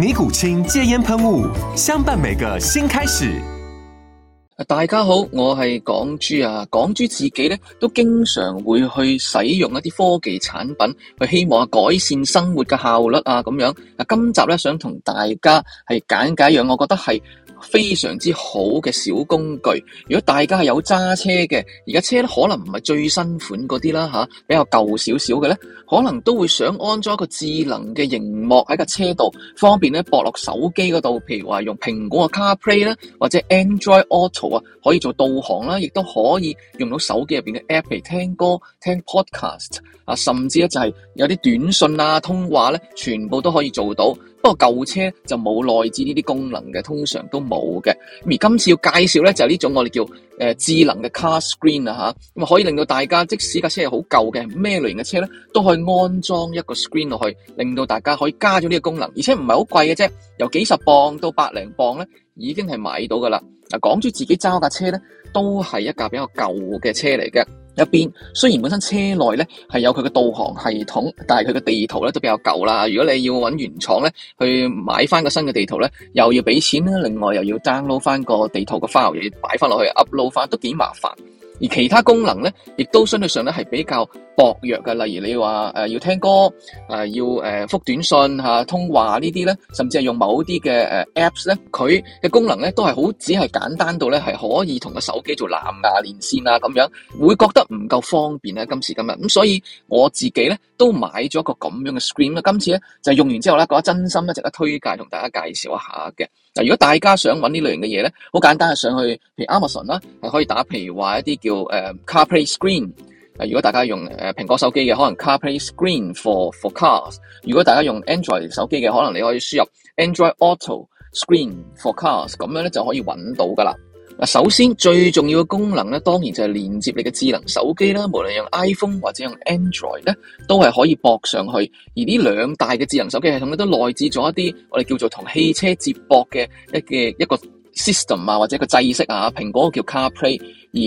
尼古清戒煙噴霧，相伴每個新開始。啊、大家好，我是港豬啊，港豬自己咧都經常會去使用一啲科技產品，去希望改善生活嘅效率啊咁樣。啊，今集咧想同大家係簡解讓我覺得係，非常之好嘅小工具，如果大家係有揸車嘅，而家車咧可能唔係最新款嗰啲啦吓，比較舊少少嘅咧，可能都會想安裝一個智能嘅熒幕喺個車度，方便咧駁落手機嗰度，譬如話用蘋果嘅 CarPlay 啦，或者 Android Auto 啊，可以做導航啦，亦都可以用到手機入邊嘅 app 嚟聽歌、聽 podcast 啊，甚至咧就係有啲短信啊、通話咧，全部都可以做到。不過舊車就冇內置呢啲功能嘅，通常都冇嘅。而今次要介紹咧就係呢種我哋叫誒智能嘅 car screen 啊吓，咁可以令到大家即使架車係好舊嘅，咩類型嘅車咧都可以安裝一個 screen 落去，令到大家可以加咗呢個功能，而且唔係好貴嘅啫，由幾十鎊到百零鎊咧，已經係買到噶啦。嗱，講住自己揸架車咧，都係一架比較舊嘅車嚟嘅。一邊雖然本身車內咧係有佢嘅導航系統，但係佢嘅地圖咧都比較舊啦。如果你要揾原廠咧去買翻個新嘅地圖咧，又要俾錢啦，另外又要 download 翻個地圖嘅 file，又要擺翻落去 upload 翻，都幾麻煩。而其他功能咧，亦都相對上咧係比較。薄弱嘅，例如你話誒、呃、要聽歌，誒、呃、要誒覆、呃、短信吓、啊、通話呢啲咧，甚至係用某啲嘅誒 apps 咧，佢嘅功能咧都係好只係簡單到咧係可以同個手機做藍牙、啊、連線啊咁樣，會覺得唔夠方便啊。今時今日咁，所以我自己咧都買咗一個咁樣嘅 screen 啦。今次咧就係用完之後咧覺得真心咧值得推介，同大家介紹一下嘅。嗱，如果大家想揾呢類型嘅嘢咧，好簡單，上去譬如 Amazon 啦、啊，係可以打譬如話一啲叫誒、啊、CarPlay Screen。如果大家用誒蘋果手機嘅，可能 CarPlay Screen for for cars；如果大家用 Android 手機嘅，可能你可以輸入 Android Auto Screen for cars，咁樣咧就可以揾到噶啦。嗱，首先最重要嘅功能咧，當然就係連接你嘅智能手機啦，無論用 iPhone 或者用 Android 咧，都係可以駁上去。而呢兩大嘅智能手機系統都內置咗一啲我哋叫做同汽車接駁嘅一嘅一個。system 啊，或者個制式啊，蘋果叫 CarPlay，而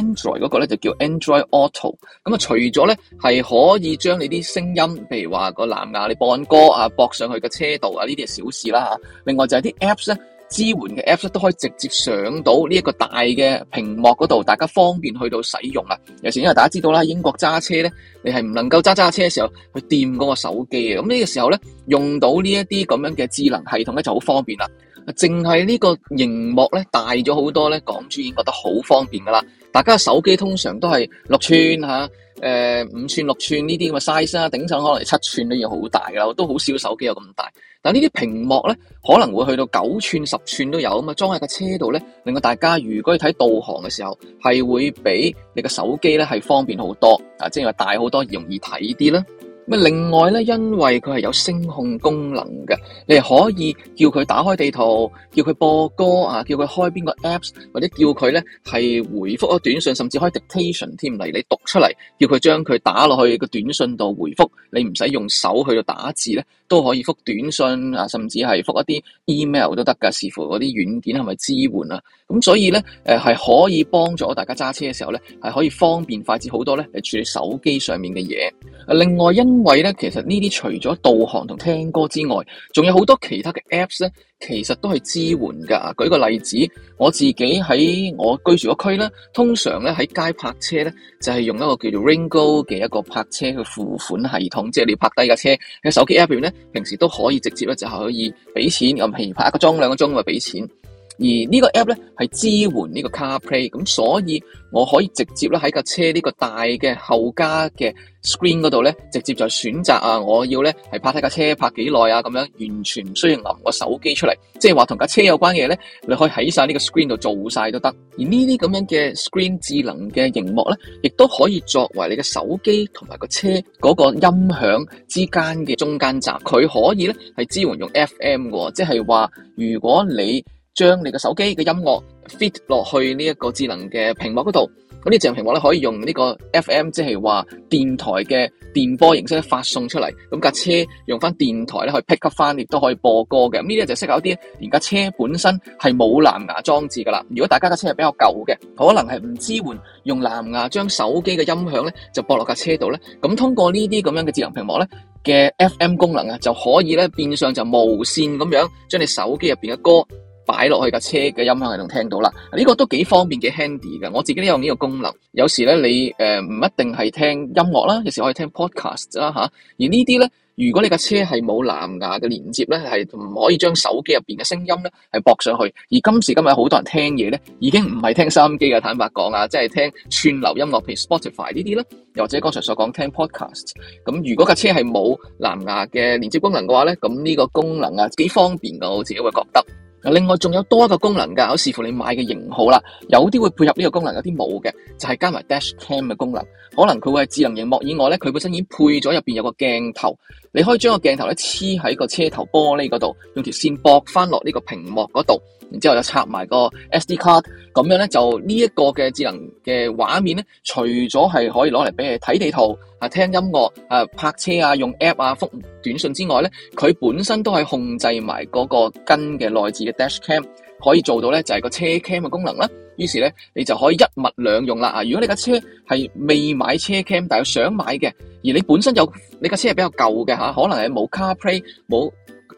Android 嗰個咧就叫 Android Auto。咁啊，除咗咧係可以將你啲聲音，譬如話個藍牙你播緊歌啊，駁上去個車度啊，呢啲係小事啦吓。另外就係啲 Apps 咧，支援嘅 Apps 咧都可以直接上到呢一個大嘅屏幕嗰度，大家方便去到使用啊。尤其因為大家知道啦，英國揸車咧，你係唔能夠揸揸車嘅時候去掂個手機啊。咁呢個時候咧，用到呢一啲咁樣嘅智能系統咧，就好方便啦。淨係呢個屏幕咧，大咗好多咧，港豬已經覺得好方便噶啦。大家手機通常都係六寸吓，誒五寸六寸呢啲咁嘅 size 啦，頂上可能七寸都要好大啦，都好少手機有咁大。但呢啲屏幕咧可能會去到九寸十寸都有㗎嘛，裝喺個車度咧，令到大家如果要睇導航嘅時候，係會比你嘅手機咧係方便好多啊，即係話大好多，容易睇啲啦。另外咧，因為佢係有聲控功能嘅，你可以叫佢打開地圖，叫佢播歌啊，叫佢開邊個 Apps，或者叫佢咧係回覆個短信，甚至開 dictation 添嚟，你讀出嚟，叫佢將佢打落去個短信度回覆，你唔使用，用手去到打字咧。都可以覆短信啊，甚至係覆一啲 email 都得噶，視乎嗰啲軟件係咪支援啊。咁所以咧，誒係可以幫助大家揸車嘅時候咧，係可以方便快捷好多咧嚟處理手機上面嘅嘢。另外，因為咧其實呢啲除咗導航同聽歌之外，仲有好多其他嘅 apps 咧，其實都係支援㗎。舉個例子，我自己喺我居住個區咧，通常咧喺街泊車咧，就係、是、用一個叫做 Ringo 嘅一個泊車嘅付款系統，即係你要泊低架車，喺手機 app 入面咧。平時都可以直接咧，就係可以俾錢，咁譬如拍一個鐘兩個鐘，咁咪畀錢。而呢個 app 咧係支援呢個 CarPlay，咁所以我可以直接咧喺架車呢個大嘅後加嘅 screen 嗰度咧，直接就選擇啊，我要咧係拍睇架車拍幾耐啊，咁樣完全唔需要攞個手機出嚟，即係話同架車有關嘅嘢咧，你可以喺晒呢個 screen 度做晒都得。而呢啲咁樣嘅 screen 智能嘅熒幕咧，亦都可以作為你嘅手機同埋個車嗰個音響之間嘅中間站，佢可以咧係支援用 FM 喎，即係話如果你，將你嘅手機嘅音樂 fit 落去呢一個智能嘅屏幕嗰度，咁呢智能屏幕咧可以用呢個 F.M. 即係話電台嘅電波形式發送出嚟，咁架車用翻電台咧去 pick up 翻，亦都可以播歌嘅。咁呢啲就識有啲，連架車本身係冇藍牙裝置噶啦。如果大家架車係比較舊嘅，可能係唔支援用藍牙將手機嘅音響咧就播落架車度咧。咁通過呢啲咁樣嘅智能屏幕咧嘅 F.M. 功能啊，就可以咧變相就無線咁樣將你手機入邊嘅歌。擺落去架車嘅音響系統聽到啦，呢個都幾方便嘅，handy 㗎。我自己都有呢個功能。有時咧，你誒唔一定係聽音樂啦，有時可以聽 podcast 啦、啊、吓。而呢啲咧，如果你架車係冇藍牙嘅連接咧，係唔可以將手機入邊嘅聲音咧係駁上去。而今時今日，好多人聽嘢咧，已經唔係聽收音機嘅。坦白講啊，即係聽串流音樂譬如 Spotify 呢啲呢，又或者剛才所講聽 podcast。咁如果架車係冇藍牙嘅連接功能嘅話咧，咁呢個功能啊幾方便噶，我自己會覺得。另外仲有多一個功能噶，有視乎你買嘅型號啦，有啲會配合呢個功能，有啲冇嘅，就係、是、加埋 Dash Cam 嘅功能，可能佢會係智能螢幕以外，呢佢本身已經配咗入面有個鏡頭。你可以將個鏡頭咧黐喺個車頭玻璃嗰度，用條線駁翻落呢個屏幕嗰度，然之後就插埋個 SD card，咁樣咧就呢一個嘅智能嘅畫面咧，除咗係可以攞嚟俾你睇地圖、啊聽音樂、啊泊車啊用 app 啊覆短信之外咧，佢本身都係控制埋嗰個跟嘅內置嘅 dash cam，可以做到咧就係個車 cam 嘅功能啦。於是咧，你就可以一物兩用啦啊！如果你架車係未買車 cam，但又想買嘅，而你本身有你架車係比較舊嘅吓，可能係冇 CarPlay、冇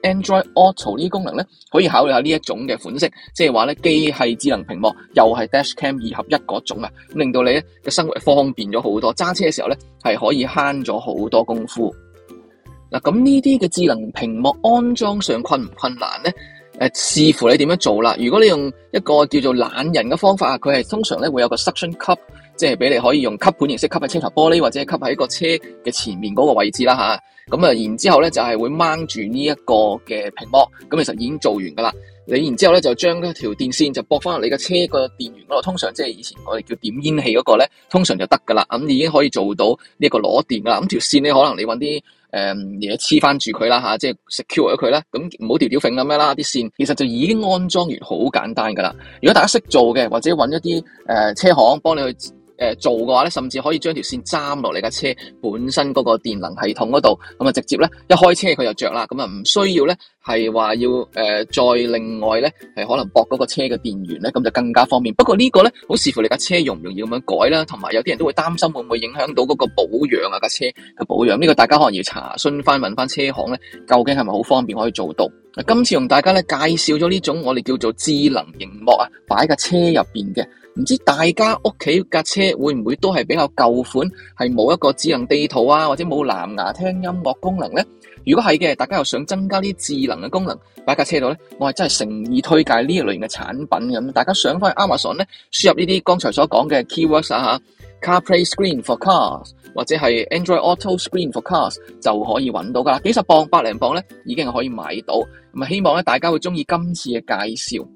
Android Auto 呢啲功能咧，可以考慮下呢一種嘅款式，即係話咧既係智能屏幕又係 Dashcam 二合一嗰種啊，令到你嘅生活方便咗好多，揸車嘅時候咧係可以慳咗好多功夫。嗱，咁呢啲嘅智能屏幕安裝上困唔困難咧？誒，視乎你點樣做啦。如果你用一個叫做懶人嘅方法啊，佢係通常咧會有個 suction cup，即係俾你可以用吸盤形式吸喺車頭玻璃或者係吸喺個車嘅前面嗰個位置啦吓。咁啊，然之後咧就係、是、會掹住呢一個嘅屏幕，咁其實已經做完噶啦。你然之後咧就將呢條電線就駁翻落你嘅車個電源嗰度，通常即係以前我哋叫點煙器嗰個咧，通常就得噶啦。咁、嗯、已經可以做到呢個攞電噶啦。咁、嗯、條線咧，可能你搵啲。誒、嗯，而家黐翻住佢啦吓，即係 secure 咗佢啦。咁唔好吊吊揈咁樣啦，啲線其實就已經安裝完，好簡單噶啦。如果大家識做嘅，或者揾一啲誒、呃、車行幫你去。誒做嘅話咧，甚至可以將條線攢落你架車本身嗰個電能系統嗰度，咁啊直接咧一開車佢就着啦，咁啊唔需要咧係話要誒、呃、再另外咧係可能駁嗰個車嘅電源咧，咁就更加方便。不過個呢個咧好視乎你架車容唔容易咁樣改啦，同埋有啲人都會擔心會唔會影響到嗰個保養啊，架車嘅保養。呢、這個大家可能要查詢翻問翻車行咧，究竟係咪好方便可以做到？今次同大家咧介紹咗呢種我哋叫做智能熒幕啊，擺架車入邊嘅。唔知大家屋企架車會唔會都係比較舊款，係冇一個智能地圖啊，或者冇藍牙聽音樂功能咧？如果係嘅，大家又想增加啲智能嘅功能擺架車度咧，我係真係誠意推介呢類型嘅產品。咁大家上翻去 Amazon 咧，輸入呢啲剛才所講嘅 keywords 啊嚇，CarPlay Screen for Cars 或者係 Android Auto Screen for Cars 就可以揾到噶啦，幾十磅、百零磅咧已經係可以買到。咁啊，希望咧大家會中意今次嘅介紹。